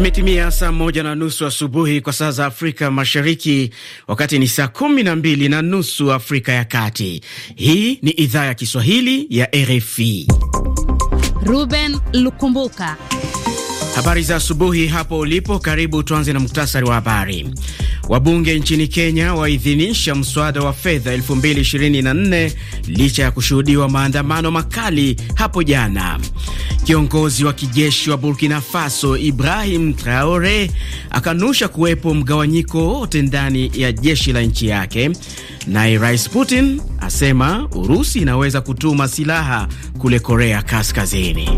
Imetimia saa moja na nusu asubuhi kwa saa za Afrika Mashariki, wakati ni saa kumi na mbili na nusu Afrika ya Kati. Hii ni idhaa ya Kiswahili ya RFI. Ruben Lukumbuka, habari za asubuhi hapo ulipo. Karibu tuanze na muktasari wa habari. Wabunge nchini Kenya waidhinisha mswada wa fedha 2024 licha ya kushuhudiwa maandamano makali hapo jana. Kiongozi wa kijeshi wa Burkina Faso Ibrahim Traore akanusha kuwepo mgawanyiko wote ndani ya jeshi la nchi yake. Naye Rais Putin asema Urusi inaweza kutuma silaha kule Korea Kaskazini.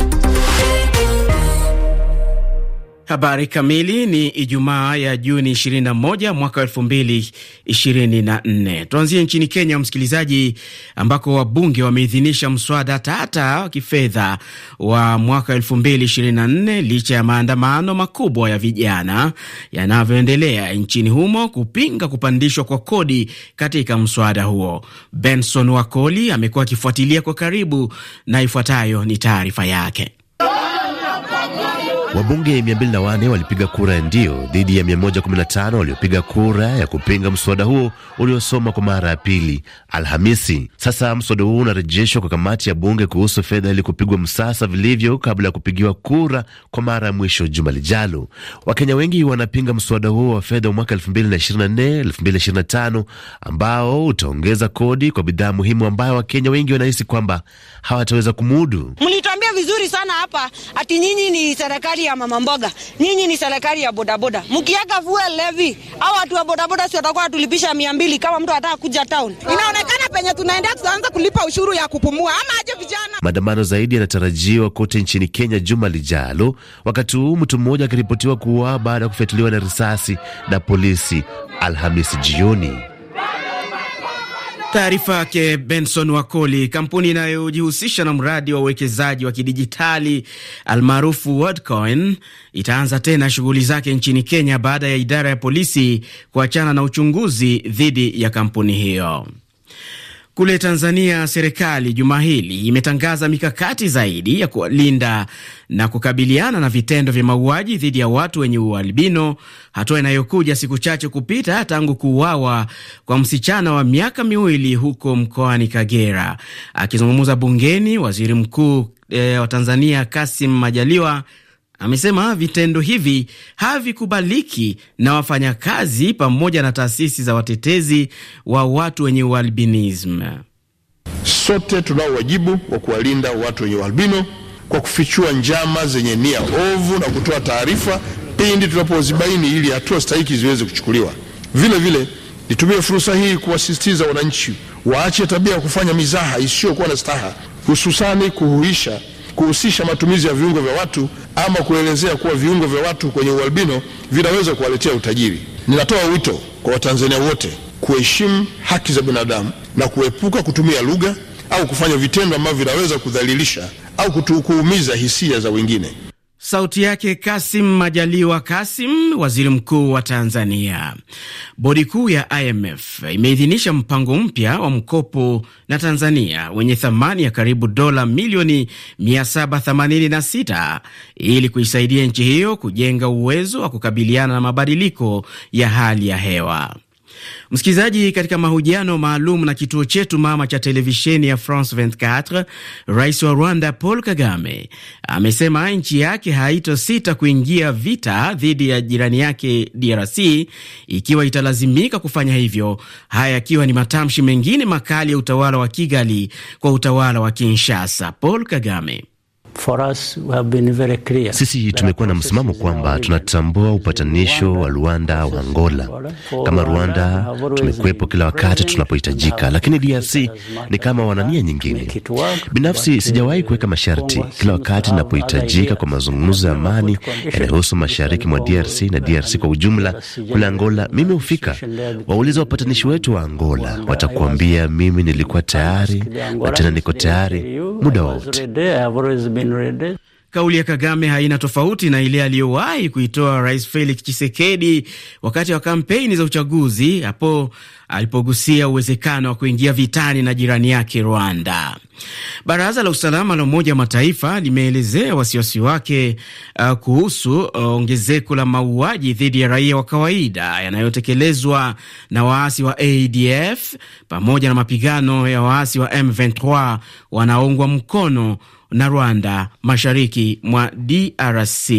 Habari kamili ni Ijumaa ya Juni 21 mwaka 2024. Tuanzie nchini Kenya, msikilizaji, ambako wabunge wameidhinisha mswada tata wa kifedha wa mwaka 2024 licha ya maandamano makubwa ya vijana yanavyoendelea nchini humo kupinga kupandishwa kwa kodi katika mswada huo. Benson Wakoli amekuwa akifuatilia kwa karibu na ifuatayo ni taarifa yake. Wabunge 204 walipiga kura ya ndio dhidi ya 115 waliopiga kura ya kupinga mswada huo uliosoma kwa mara ya pili Alhamisi. Sasa mswada huo unarejeshwa kwa kamati ya bunge kuhusu fedha ili kupigwa msasa vilivyo kabla ya kupigiwa kura kwa mara ya mwisho juma lijalo. Wakenya wengi wanapinga mswada huo wa fedha wa mwaka 2024 2025 ambao utaongeza kodi kwa bidhaa muhimu ambayo Wakenya wengi wanahisi kwamba hawataweza kumudu. Mlituambia vizuri sana hapa ati nyinyi ni serikali serikali ya mama mboga, nyinyi ni serikali ya bodaboda. mkiaga fuel levi au watu wa bodaboda si watakuwa tulipisha mia mbili kama mtu anataka kuja town. Inaonekana penye tunaenda tutaanza kulipa ushuru ya kupumua ama aje vijana. Maandamano zaidi yanatarajiwa kote nchini Kenya juma lijalo, wakati huu mtu mmoja akiripotiwa kuwa baada ya kufyatuliwa na risasi na polisi Alhamisi jioni. Taarifa yake Benson Wakoli. Kampuni inayojihusisha na mradi wa uwekezaji wa kidijitali almaarufu Worldcoin itaanza tena shughuli zake nchini Kenya baada ya idara ya polisi kuachana na uchunguzi dhidi ya kampuni hiyo. Kule Tanzania, serikali juma hili imetangaza mikakati zaidi ya kulinda na kukabiliana na vitendo vya mauaji dhidi ya watu wenye ualbino, hatua inayokuja siku chache kupita tangu kuuawa kwa msichana wa miaka miwili huko mkoani Kagera. Akizungumza bungeni, waziri mkuu e, wa Tanzania Kasim Majaliwa amesema vitendo hivi havikubaliki na wafanyakazi pamoja na taasisi za watetezi wa watu wenye ualbinism. Sote tunao wajibu wa kuwalinda watu wenye ualbino kwa kufichua njama zenye nia ovu na kutoa taarifa pindi tunapozibaini ili hatua stahiki ziweze kuchukuliwa. Vile vile nitumie fursa hii kuwasisitiza wananchi waache tabia ya kufanya mizaha isiyokuwa na staha, hususani kuhuisha kuhusisha matumizi ya viungo vya watu ama kuelezea kuwa viungo vya watu kwenye ualbino vinaweza kuwaletea utajiri. Ninatoa wito kwa Watanzania wote kuheshimu haki za binadamu na kuepuka kutumia lugha au kufanya vitendo ambavyo vinaweza kudhalilisha au kutu kuumiza hisia za wengine. Sauti yake Kasim Majaliwa Kasim, waziri mkuu wa Tanzania. Bodi kuu ya IMF imeidhinisha mpango mpya wa mkopo na Tanzania wenye thamani ya karibu dola milioni 786 ili kuisaidia nchi hiyo kujenga uwezo wa kukabiliana na mabadiliko ya hali ya hewa. Msikilizaji, katika mahojiano maalum na kituo chetu mama cha televisheni ya France 24, rais wa Rwanda Paul Kagame amesema nchi yake haitosita kuingia vita dhidi ya jirani yake DRC ikiwa italazimika kufanya hivyo, haya yakiwa ni matamshi mengine makali ya utawala wa Kigali kwa utawala wa Kinshasa. Paul Kagame sisi tumekuwa na msimamo kwamba tunatambua upatanisho wa Rwanda wa Angola. Kama Rwanda tumekuwepo kila wakati tunapohitajika, lakini DRC ni kama wanania nyingine. Binafsi uh, sijawahi kuweka masharti. Kila wakati inapohitajika kwa mazungumzo ya amani yanayohusu mashariki mwa DRC na DRC kwa ujumla, kule Angola mimi hufika. Wauliza wapatanishi wetu wa Angola, watakuambia mimi nilikuwa tayari na tena niko tayari muda wote. Kauli ya Kagame haina tofauti na ile aliyowahi kuitoa Rais Felix Tshisekedi wakati wa kampeni za uchaguzi, hapo alipogusia uwezekano wa kuingia vitani na jirani yake Rwanda. Baraza la usalama la Umoja wa Mataifa limeelezea wasiwasi wake uh, kuhusu uh, ongezeko uh, la mauaji dhidi ya raia wa kawaida yanayotekelezwa na waasi wa ADF pamoja na mapigano ya waasi wa M23 wanaoungwa mkono na Rwanda mashariki mwa DRC.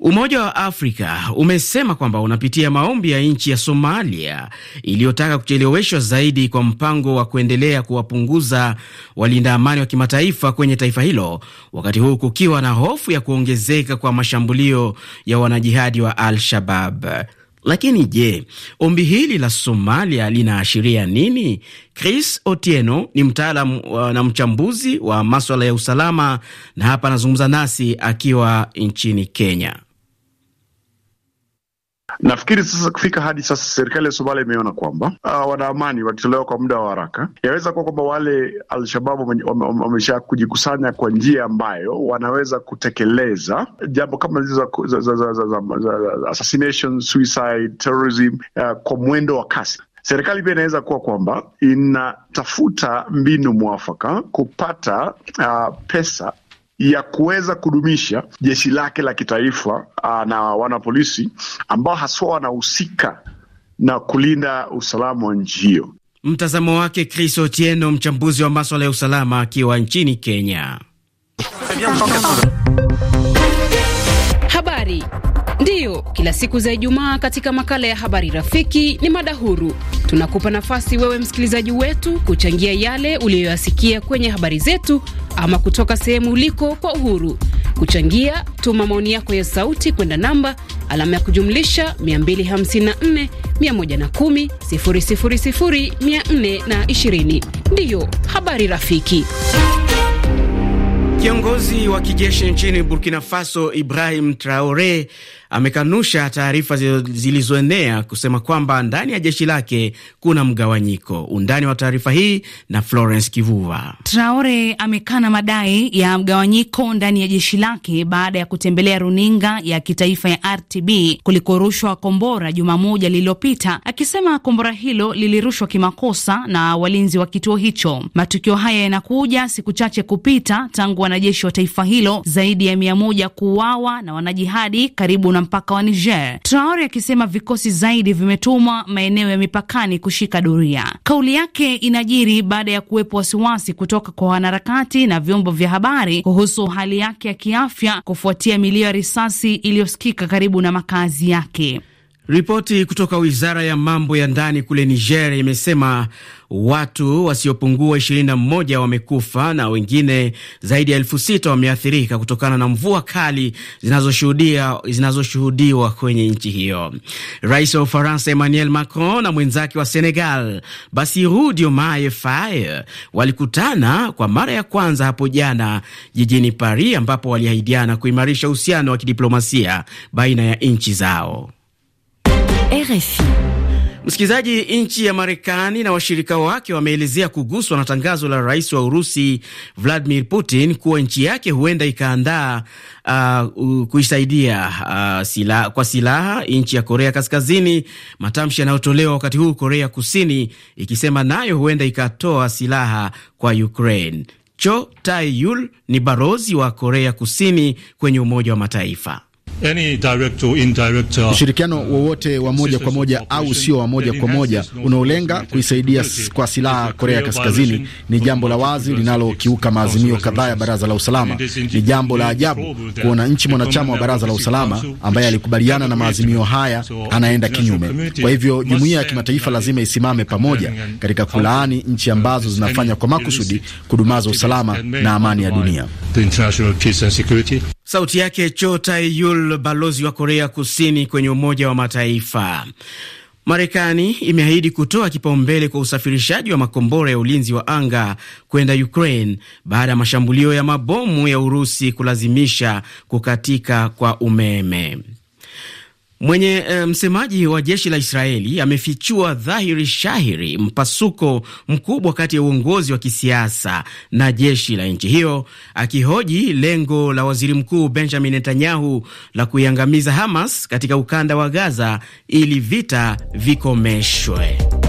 Umoja wa Afrika umesema kwamba unapitia maombi ya nchi ya Somalia iliyotaka kucheleweshwa zaidi kwa mpango wa kuendelea kuwapunguza walinda amani wa kimataifa kwenye taifa hilo, wakati huu kukiwa na hofu ya kuongezeka kwa mashambulio ya wanajihadi wa Al-Shabab. Lakini je, ombi hili la Somalia linaashiria nini? Chris Otieno ni mtaalam uh, na mchambuzi wa maswala ya usalama na hapa anazungumza nasi akiwa nchini Kenya. Nafikiri sasa kufika hadi sasa serikali ya Somalia imeona kwamba uh, wana amani wakitolewa kwa muda wa haraka. Yaweza kuwa kwamba wale Alshababu wamesha kujikusanya kwa njia ambayo wanaweza kutekeleza jambo kama za, za, za, za, za, za assassination, suicide, terrorism uh, kwa mwendo wa kasi. Serikali pia inaweza kuwa kwamba inatafuta mbinu mwafaka kupata uh, pesa ya kuweza kudumisha jeshi lake la kitaifa ah, na wanapolisi ambao haswa wanahusika na kulinda usalama wa nchi hiyo. Mtazamo wake Chris Otieno, mchambuzi wa maswala ya usalama akiwa nchini Kenya. Habari ndiyo kila siku za Ijumaa katika makala ya habari rafiki ni mada huru. Tunakupa nafasi wewe msikilizaji wetu kuchangia yale uliyoyasikia kwenye habari zetu ama kutoka sehemu uliko kwa uhuru. Kuchangia, tuma maoni yako ya sauti kwenda namba alama ya kujumlisha 254 110 000 420. Ndiyo habari rafiki. Kiongozi wa kijeshi nchini Burkina Faso Ibrahim Traore amekanusha taarifa zilizoenea kusema kwamba ndani ya jeshi lake kuna mgawanyiko. Undani wa taarifa hii na Florence Kivuva. Traore amekana madai ya mgawanyiko ndani ya jeshi lake baada ya kutembelea runinga ya kitaifa ya RTB kulikorushwa kombora juma moja lililopita, akisema kombora hilo lilirushwa kimakosa na walinzi wa kituo hicho. Matukio haya yanakuja siku chache kupita tangu wanajeshi wa taifa hilo zaidi ya mia moja kuuawa na wanajihadi karibu na mpaka wa Niger, Traore akisema vikosi zaidi vimetumwa maeneo ya mipakani kushika doria. Kauli yake inajiri baada ya kuwepo wasiwasi kutoka kwa wanaharakati na vyombo vya habari kuhusu hali yake ya kiafya kufuatia milio ya risasi iliyosikika karibu na makazi yake. Ripoti kutoka wizara ya mambo ya ndani kule Niger imesema watu wasiopungua 21 wamekufa na wengine zaidi ya elfu sita wameathirika kutokana na mvua kali zinazoshuhudiwa kwenye nchi hiyo. Rais wa Ufaransa Emmanuel Macron na mwenzake wa Senegal Bassirou Diomaye Faye walikutana kwa mara ya kwanza hapo jana jijini Paris, ambapo waliahidiana kuimarisha uhusiano wa kidiplomasia baina ya nchi zao. RFI. Msikilizaji, nchi ya Marekani na washirika wake wameelezea kuguswa na tangazo la rais wa Urusi Vladimir Putin kuwa nchi yake huenda ikaandaa uh, kuisaidia uh, sila, kwa silaha nchi ya Korea Kaskazini, matamshi yanayotolewa wakati huu Korea Kusini ikisema nayo huenda ikatoa silaha kwa Ukraine. Cho Tae-yul ni barozi wa Korea Kusini kwenye Umoja wa Mataifa uh, ushirikiano uh, wowote wa moja kwa moja au sio wa moja kwa moja unaolenga kuisaidia kwa silaha Korea Kaskazini ni jambo la wazi linalokiuka maazimio kadhaa ya Baraza la Usalama. Ni jambo la ajabu kuona nchi mwanachama wa Baraza la Usalama ambaye alikubaliana na maazimio haya anaenda kinyume. Kwa hivyo jumuiya ya kimataifa lazima isimame pamoja katika kulaani nchi ambazo zinafanya kwa makusudi kudumaza usalama na amani ya dunia the international peace and security. Sauti yake Cho Tae-yul, balozi wa Korea Kusini kwenye Umoja wa Mataifa. Marekani imeahidi kutoa kipaumbele kwa usafirishaji wa makombora ya ulinzi wa anga kwenda Ukraine baada ya mashambulio ya mabomu ya Urusi kulazimisha kukatika kwa umeme. Mwenye e, msemaji wa jeshi la Israeli amefichua dhahiri shahiri mpasuko mkubwa kati ya uongozi wa kisiasa na jeshi la nchi hiyo, akihoji lengo la waziri mkuu Benjamin Netanyahu la kuiangamiza Hamas katika ukanda wa Gaza ili vita vikomeshwe.